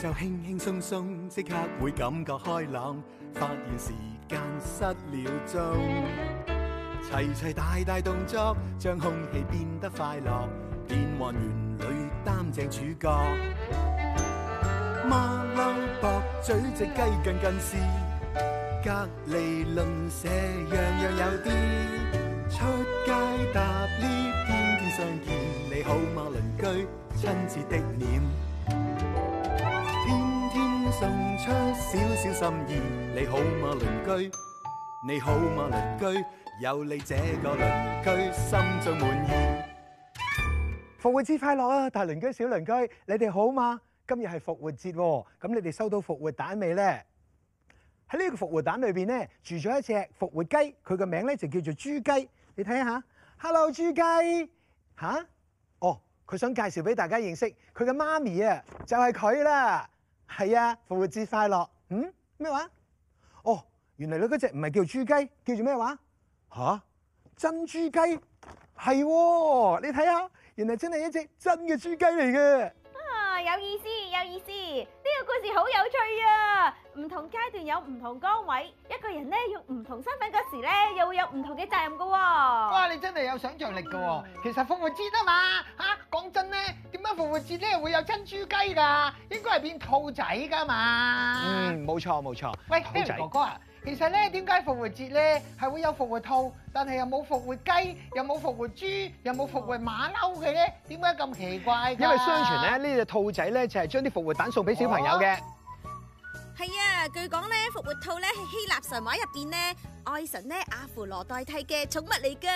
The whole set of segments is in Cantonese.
就輕輕鬆鬆，即刻會感覺開朗，發現時間失了蹤。齊齊大大動作，將空氣變得快樂，變幻園裏擔正主角。孖騮駁咀隻雞近近視，隔離鄰舍樣樣有啲。出街搭 lift，天天相見，你好嗎，鄰居？親切的臉。送出少少心意，你好嗎鄰居？你好嗎鄰居？有你這個鄰居，心中滿意。復活節快樂啊，大鄰居小鄰居，你哋好嘛？今日係復活節，咁你哋收到復活蛋未呢？喺呢個復活蛋裏邊呢，住咗一隻復活雞，佢嘅名咧就叫做豬雞。你睇下，Hello 豬雞，吓、啊？哦，佢想介紹俾大家認識佢嘅媽咪啊，就係佢啦。係啊，復活節快樂！嗯？咩話？哦，原來你嗰隻唔係叫豬雞，叫做咩話？吓？真豬雞？係喎，你睇下，原來真係一隻真嘅豬雞嚟嘅。啊，有意思，有意思。故事好有趣啊！唔同階段有唔同崗位，一個人咧用唔同身份嗰時咧，又會有唔同嘅責任噶喎，啊。哇！你真係有想像力噶喎。嗯，其實復活節嘛，啊嘛嚇，講真咧，點解復活節咧會有珍珠雞㗎？應該係變兔仔㗎嘛。嗯，冇錯冇錯。錯。喂，兔仔哥哥啊。其實咧，點解復活節咧係會有復活兔，但係又冇復活雞，又冇復活豬，又冇復活馬騮嘅咧？點解咁奇怪？因為相傳咧，呢隻兔仔咧就係將啲復活蛋送俾小朋友嘅。係啊，據講咧，復活兔咧係希臘神話入邊咧愛神咧阿芙羅代替嘅寵物嚟噶。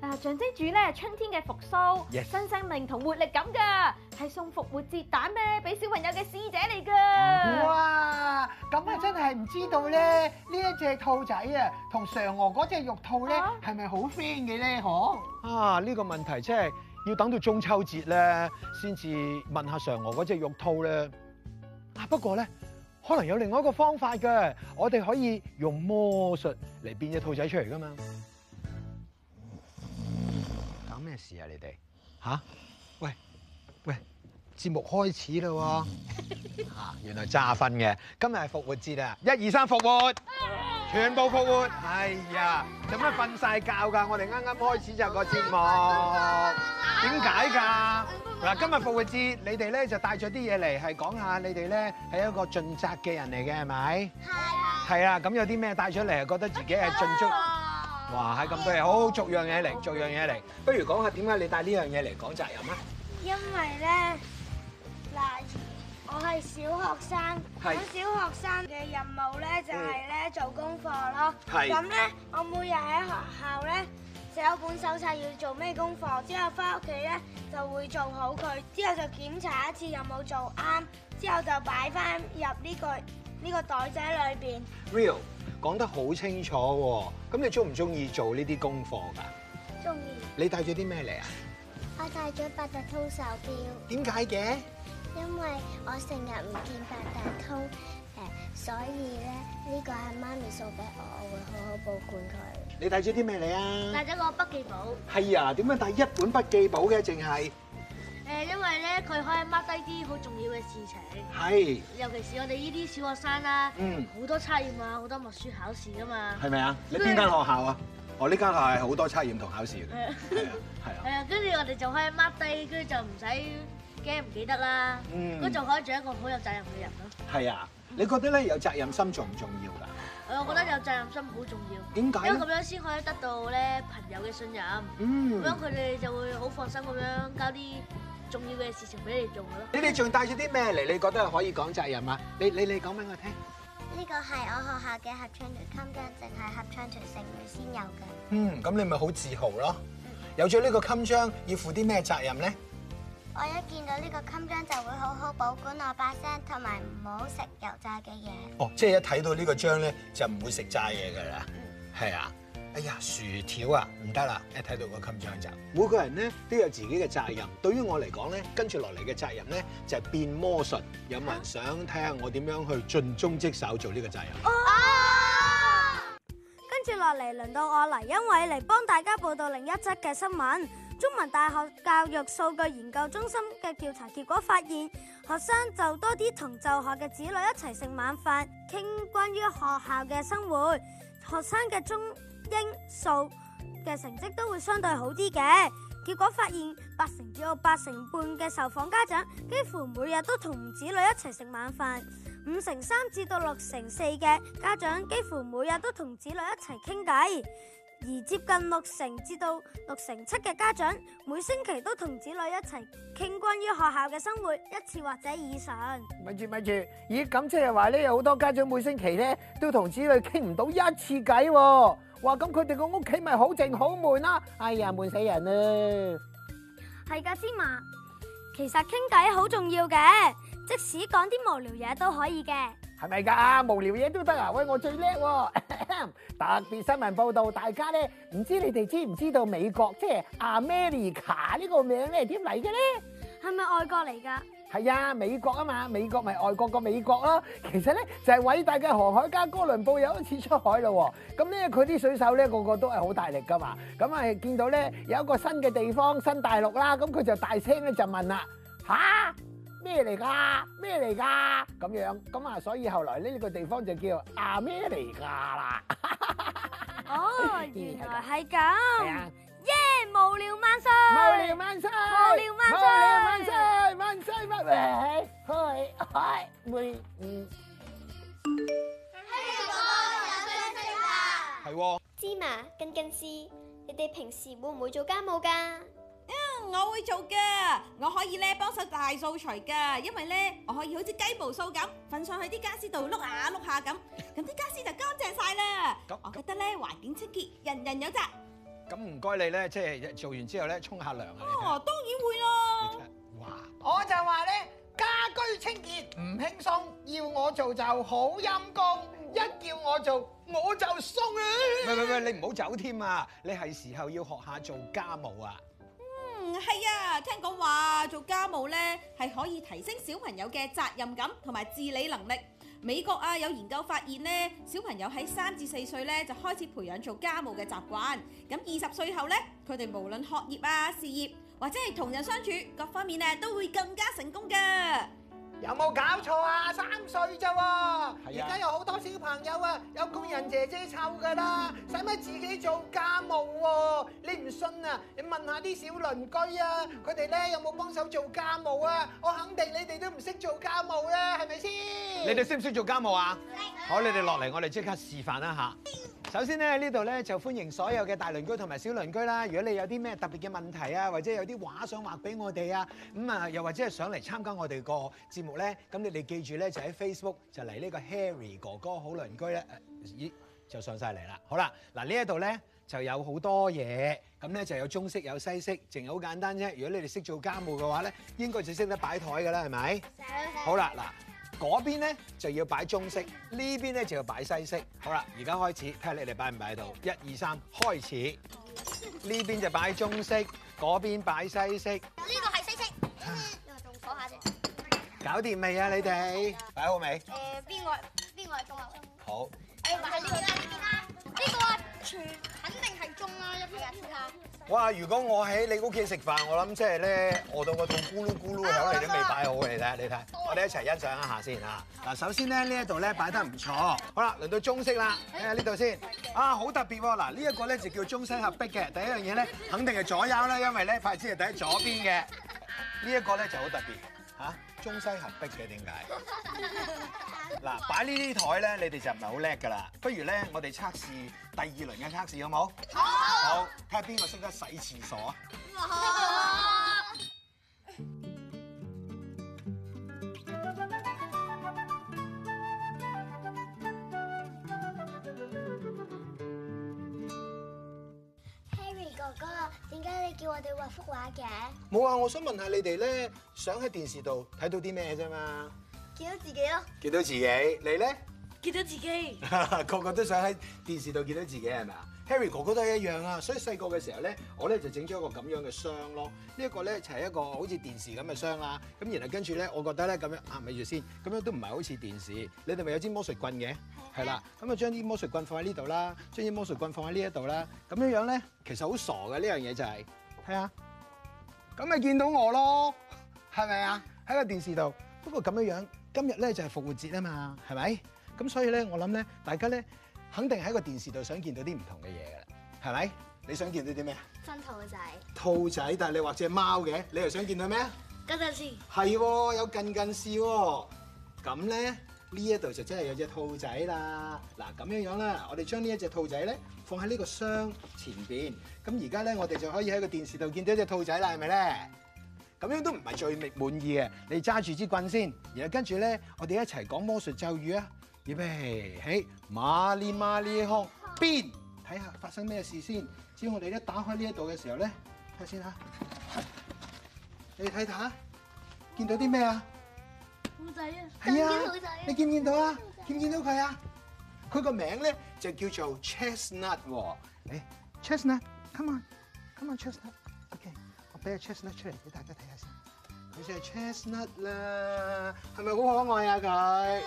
啊！象徵住咧春天嘅復甦、新 Yes. 生命同活力感噶，係送復活節蛋咩？俾小朋友嘅使者嚟噶。哇！咁啊，真係唔知道咧呢一隻兔仔啊，同嫦娥嗰隻玉兔咧係咪好 friend 嘅咧？可啊，呢、啊呢個問題真係要等到中秋節咧先至問下嫦娥嗰隻玉兔咧。啊！不過咧，可能有另外一個方法嘅，我哋可以用魔術嚟變隻兔仔出嚟噶嘛。呀！你哋嚇？喂喂，節目開始啦喎！啊，原來揸瞓嘅。今日係復活節啊！一、二、三，復活，全部復活。哎呀，做乜瞓曬覺㗎？我哋啱啱開始就個節目，點解㗎？嗱，今日復活節，你哋咧就帶咗啲嘢嚟，係講下你哋咧係一個盡責嘅人嚟嘅，係咪？係。係啊。咁有啲咩帶出嚟？覺得自己係盡足。哇，係咁多嘢，好逐樣嘢嚟，逐樣嘢嚟。不如講下點解你帶呢樣嘢嚟講責任啊？因為咧，嗱，我係小學生，咁小學生嘅任務咧就係咧做功課咯。係。咁咧，我每日喺學校咧，寫本手冊要做咩功課，之後翻屋企咧就會做好佢，之後就檢查一次有冇做啱，之後就擺翻入呢個呢個袋仔裏邊。Real。講得好清楚喎，咁你中唔中意做呢啲功課㗎？中意歡。你帶咗啲咩嚟啊？我帶咗八達通手錶。點解嘅？因為我成日唔見八達通誒，所以咧呢個係媽咪送俾我，我會好好保管佢。你帶咗啲咩嚟啊？帶咗個筆記簿。係啊，點樣帶一本筆記簿嘅，淨係？誒，因為咧佢可以 mark 低啲好重要嘅事情，係，是的 尤其是我哋呢啲小學生啦，嗯，好多測驗啊，好多默書考試噶嘛，係咪啊？你邊間學校啊？是的 我呢間學校係好多測驗同考試嘅，係啊是的，係啊，跟住我哋就可以 mark 低，跟住就唔使驚唔記得啦，咁、嗯、就可以做一個好有責任嘅人咯。係啊，你覺得咧有責任心重唔重要噶？誒，我覺得有責任心好重要，點解何？因為咁樣先可以得到咧朋友嘅信任，嗯，咁樣佢哋就會好放心咁樣交啲。重要嘅事情俾你做咯。你哋仲帶咗啲咩嚟？你覺得係可以講責任嘛？你你你講俾我聽。呢個係我學校嘅合唱團襟章，淨係合唱團成員先有嘅。嗯，咁你咪好自豪咯。嗯。有咗呢個襟章，要負啲咩責任咧？我一見到呢個襟章就會好好保管我把聲，同埋唔好食油炸嘅嘢。哦，即係一睇到呢個章咧，就唔會食炸嘢噶啦。嗯。係啊。哎呀，薯條啊，唔得啦！一睇、哎、到個襟腸就每個人呢都有自己嘅責任。 對於我嚟講呢，跟住落嚟嘅責任呢，就係、是、變魔術。有冇人想睇下我點樣去盡忠職守做呢個責任？哦， 啊、跟住落嚟，輪到我嚟，因為嚟幫大家報道另一則嘅新聞。中文大學教育數據研究中心嘅調查結果發現，學生就多啲同就學嘅子女一齊食晚飯，傾關於學校嘅生活。學生嘅中英數嘅成績都會相對好啲嘅，結果發現八成至到八成半嘅受訪家長幾乎每日都同子女一齊食晚飯，五成三至到六成四嘅家長幾乎每日都同子女一齊傾偈。而接近六成至到六成七嘅家長，每星期都同子女一齊傾關於學校嘅生活一次或者以上。咪住咪住，咦，咁即係話呢？有好多家長每星期呢都同子女傾唔到一次偈話啊，哇！咁佢哋個屋企咪好靜好悶啦。哎呀，悶死人啊！係噶，芝麻，其實傾偈好重要嘅，即使講啲無聊嘢都可以嘅。係咪噶，無聊嘢都得啊？喂，我最叻喎、啊！ 特別新聞報道，大家咧唔，知你哋知唔知道美國即係 America 呢個名咧點嚟嘅咧？係咪外國嚟噶？係啊，美國啊嘛，美國咪外國個美國咯、啊。其實咧就係、是、偉大嘅航海家哥倫布有一次出海咯、啊。咁咧佢啲水手咧個個都係好大力噶嘛。咁、嗯、啊見到咧有一個新嘅地方新大陸啦、啊，咁、嗯、佢就大聲咧就問啦：吓、啊！咩嚟㗎？咩嚟㗎？咁樣咁啊，所以後來呢個地方就叫阿咩嚟㗎啦。哦，原來係咁。耶，無聊萬歲。無聊萬歲。無聊萬歲。無聊萬歲。萬歲乜嚟？開開。芝麻跟筋絲，你哋平時會唔會做家務㗎？我會做噶，我可以咧幫手大掃除噶，因為咧我可以好似雞毛掃咁，瞓上去啲家私度碌下碌下咁，咁啲家私就乾淨晒啦。 那我覺得咧環境清潔人人有責。咁唔該你咧，即係做完之後咧沖下涼。哦，當然會咯。哇，我就話咧家居清潔唔輕鬆，要我做就好陰功，一叫我做我就鬆。唔係唔係，你唔好走添啊！你係時候要學下做家務啊！係啊，聽講話做家務咧，係可以提升小朋友嘅責任感同埋自理能力。美國啊，有研究發現咧，小朋友喺三至四歲咧就開始培養做家務嘅習慣，咁二十歲後咧，佢哋無論學業啊、事業或者係同人相處各方面咧，啊，都會更加成功噶。有冇搞錯啊？三歲咋喎？而家有好多小朋友啊，有工人姐姐湊噶啦，使乜自己做家務喎？你唔信啊？你問下啲小鄰居啊，佢哋咧有冇幫手做家務啊？我肯定你哋都唔識做家務啦，係咪先？你哋識唔識做家務啊？好，你哋落嚟，我哋即刻示範一下。首先咧，呢度咧就歡迎所有嘅大鄰居同埋小鄰居啦。如果你有啲咩特別嘅問題啊，或者有啲話想話俾我哋啊，咁啊，又或者係想嚟參加我哋個節目咧，咁你哋記住咧，就喺 Facebook 就嚟呢個 Harry 哥哥好鄰居咧，咦就上曬嚟啦。好啦，嗱呢一度咧就有好多嘢，咁咧就有中式有西式，淨係好簡單啫。如果你哋識做家務嘅話咧，應該就識得擺台㗎啦，係咪？識，識好啦，嗱嗰邊咧就要擺中式，呢邊咧就要擺西式。好啦，而家開始，睇下你哋擺唔擺到，一二三，開始。呢邊就擺中式，嗰邊擺西式。搞掂未啊？你哋擺好未？誒邊個邊個係中啊？好。誒，係呢個呢個呢個啊，全肯定係中啦！一撇一撇啊！哇！如果我喺你屋企食飯，我諗即係咧餓到個肚咕嚕咕嚕響，你都未擺好嘅，你睇下你睇。我哋一齊欣賞一下先嚇。嗱，首先咧呢一度咧擺得唔錯。好啦，輪到中式啦。睇下呢度先。啊，好特別喎！嗱，呢一個咧就叫中西合璧嘅。第一樣嘢咧，肯定係左右啦，因為咧筷子係抵喺左邊嘅。呢一個咧就好特別嚇。中西合璧嘅點解？嗱，擺呢啲枱咧，你哋就唔係好叻㗎喇。不如咧，我哋測試第二輪嘅測試好冇？好，睇下邊個識得洗廁所啊？Harry 哥哥。你叫我哋畫幅畫嘅，冇啊！我想問下你哋咧，想喺電視度睇到啲咩啫嘛？見到自己咯。見到自己，你咧？見到自己。 個個都想喺電視度見到自己係咪啊？是 Harry 哥哥都係一樣啊，所以細個嘅時候咧，我咧就整咗一個咁樣嘅箱咯。這個、呢一個咧就係、是、一個好似電視咁嘅箱啦。咁然後跟住咧，我覺得咧咁樣咪住先，咁、啊、樣都唔係好似電視。你哋咪有支魔術棍嘅，係啦 Okay.。咁啊將啲魔術棍放喺呢度啦，將啲魔術棍放喺呢一度啦。咁樣樣咧其實好傻嘅呢樣嘢就係、是，睇下，咁咪見到我咯，係咪啊？喺個電視度。不過咁樣樣，今日咧就係、是、復活節啊嘛，係咪？咁所以咧，我諗咧，大家咧。肯定喺個電視度想見到啲唔同嘅嘢噶啦，係咪？你想見到啲咩？新兔仔。兔仔，但係你畫隻貓嘅，你又想見到咩？近近視。係，有近近視喎。咁咧呢一度就真係有隻兔仔啦。嗱咁樣樣啦，我哋將呢一隻兔仔咧放喺呢個箱前邊。咁而家咧，我哋就可以喺個電視度見到隻兔仔啦，係咪咧？咁樣都唔係最未滿意嘅。你揸住支棍先，然後跟住咧，我哋一齊講魔術咒語啊！預備起，馬里馬里康邊，睇下發生咩事先？只要我哋一打開呢一度嘅時候咧，睇下先嚇，你睇下，見到啲咩？哦、啊？兔仔啊，係啊，你見唔見到啊？見唔見到佢啊？佢個名咧就叫做 chestnut 喎、哦。hey, chestnut, come on，come on, on chestnut，ok，okay, 我俾個 chestnut 出嚟俾大家睇下先。佢就係 chestnut 啦，係咪好可愛啊佢？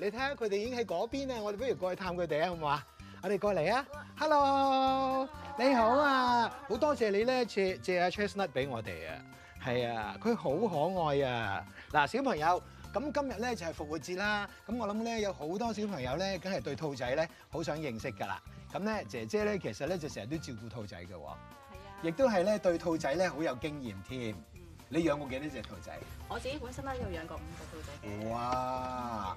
你睇下佢哋已經喺嗰邊啊！我哋不如過去探佢哋啊，好唔好啊？我哋過嚟啊！Hello，你好啊！好多謝你咧，借借阿 Chestnut 俾我哋啊！係啊，佢好可愛啊！嗱，小朋友，咁今日咧就係復活節啦。咁我諗咧有好多小朋友咧，梗係對兔仔咧好想認識㗎啦。咁咧，姐姐咧其實咧就成日都照顧兔仔嘅喎，係啊，亦都係咧對兔仔咧好有經驗添。你養過幾多隻兔仔？我自己本身咧有養過五隻兔仔嘅。哇！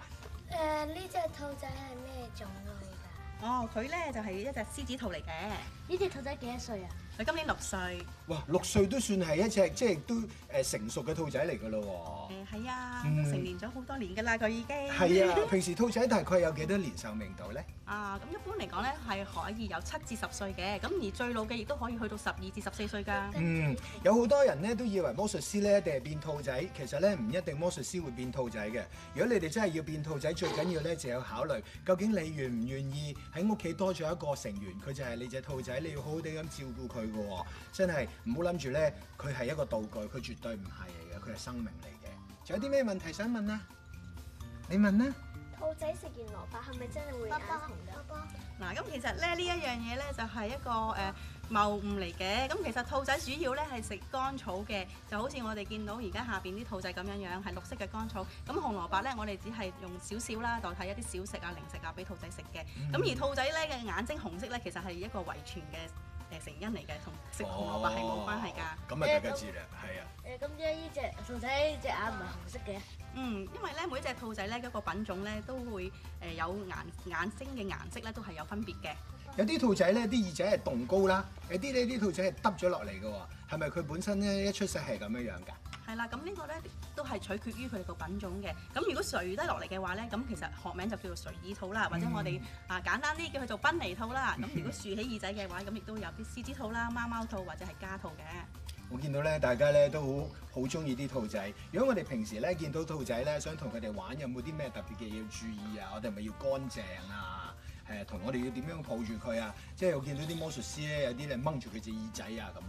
誒，呢、呃、隻兔仔係咩種類噶？哦，佢咧就係、是、一隻獅子兔嚟嘅。呢隻兔仔幾多歲啊？佢今年六歲。哇，六歲都算係一隻即係都誒成熟嘅兔仔嚟噶咯？誒、呃，係啊，成年咗好多年噶啦，佢已經。係、嗯、啊，平時兔仔大概有幾多年壽命度咧？ 啊，咁一般嚟講咧，係可以有七至十歲嘅，咁而最老嘅亦都可以去到十二至十四歲噶。嗯，有好多人咧都以為魔術師咧定係變兔仔，其實咧唔一定魔術師會變兔仔嘅。如果你哋真係要變兔仔，最緊要咧就要考慮究竟你願唔願意喺屋企多咗一個成員，佢就係你隻兔仔，你要好好地咁照顧佢嘅喎。真係唔好諗住咧，佢係一個道具，佢絕對唔係嘅，佢係生命嚟嘅。仲有啲咩問題想問啊？你問啦。兔仔食完蘿蔔係咪真係會眼紅嘅？嗱，咁、啊、其實咧呢一樣嘢咧就係一個誒、呃、謬誤嚟嘅。咁其實兔仔主要咧係食乾草嘅，就好似我哋見到而家下邊啲兔仔咁樣樣係綠色嘅乾草。咁紅蘿蔔咧，我哋只係用少少啦，代替一啲小食啊、零食啊俾兔仔食嘅。咁、mm hmm. 而兔仔咧嘅眼睛紅色咧，其實係一個遺傳嘅。係成因嚟嘅，同食紅蘿蔔係冇關係㗎。咁啊，大家注意啦，係啊。誒，咁樣呢隻兔仔隻眼唔係紅色嘅。嗯，因為咧，每隻兔仔咧，嗰個品種咧，都會誒有眼眼睛嘅顏色咧，都係有分別嘅。有啲兔仔咧，啲耳仔係棟高啦，有啲呢，啲兔仔係耷咗落嚟㗎喎。係咪佢本身咧一出世係咁樣樣㗎？係啦，咁呢個咧都係取決於佢個品種嘅。咁如果垂低落嚟嘅話咧，咁其實學名就叫做垂耳兔啦，嗯、或者我哋啊簡單啲叫佢做賓尼兔啦。咁、嗯、如果豎起耳仔嘅話，咁亦都有啲獅子兔啦、貓貓兔或者係家兔嘅。我見到咧，大家咧都好好中意啲兔仔。如果我哋平時咧見到兔仔咧，想同佢哋玩，有冇啲咩特別嘅嘢要注意啊？我哋係咪要乾淨啊？誒，同我哋要點樣抱住佢啊？即係我見到啲魔術師咧，有啲咧掹住佢隻耳仔啊咁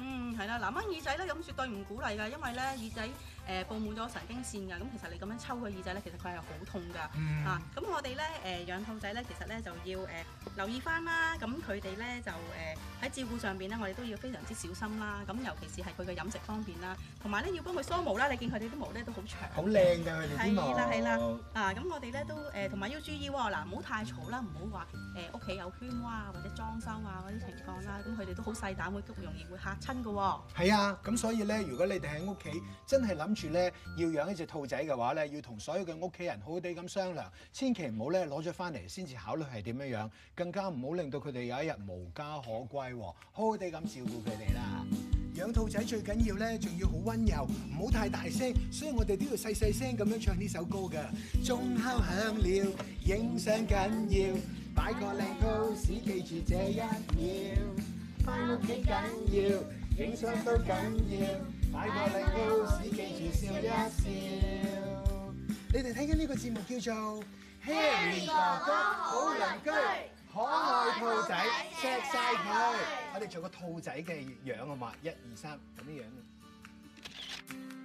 嗯，係啦，嗱，掹耳仔咧咁，絕對唔鼓勵嘅，因為咧耳仔，誒布滿咗神經線㗎，咁其實你咁樣抽佢耳仔咧，其實佢係好痛㗎嚇。咁、嗯啊、我哋咧誒養兔仔咧，其實咧就要誒、呃、留意翻啦。咁佢哋咧就誒喺、呃、照顧上邊咧，我哋都要非常之小心啦。咁尤其是係佢嘅飲食方面啦，同埋咧要幫佢梳毛啦。你見佢哋啲毛咧都好長，好靚㗎佢哋啲毛。係啦係啦。嗱咁、啊、我哋咧都誒同埋要注意喎、哦，嗱唔好太嘈啦，唔好話誒屋企有喧嘩啊，或者裝修啊嗰啲情況啦、啊。咁佢哋都好細膽，會容易會嚇親㗎喎。係啊，咁所以咧，如果你哋喺屋企真係諗住咧，要養一隻兔仔嘅話咧，要同所有嘅屋企人好好地咁商量，千祈唔好咧攞咗翻嚟先至考慮係點樣樣，更加唔好令到佢哋有一日無家可歸喎，好好地咁照顧佢哋啦。養兔仔最緊要咧，仲要好溫柔，唔好太大聲，所以我哋都要細細聲咁樣唱呢首歌㗎。鐘敲響了，影相緊要，擺個靚 pose，記住這一秒，返屋企緊要，影相都緊要。快過嚟，故事師記住笑一笑。你哋睇緊呢個節目叫做《Harry 哥哥好鄰居》， 可愛兔仔錫晒佢。我哋做個兔仔嘅樣、樣，啊嘛？一二三，咁嘅樣。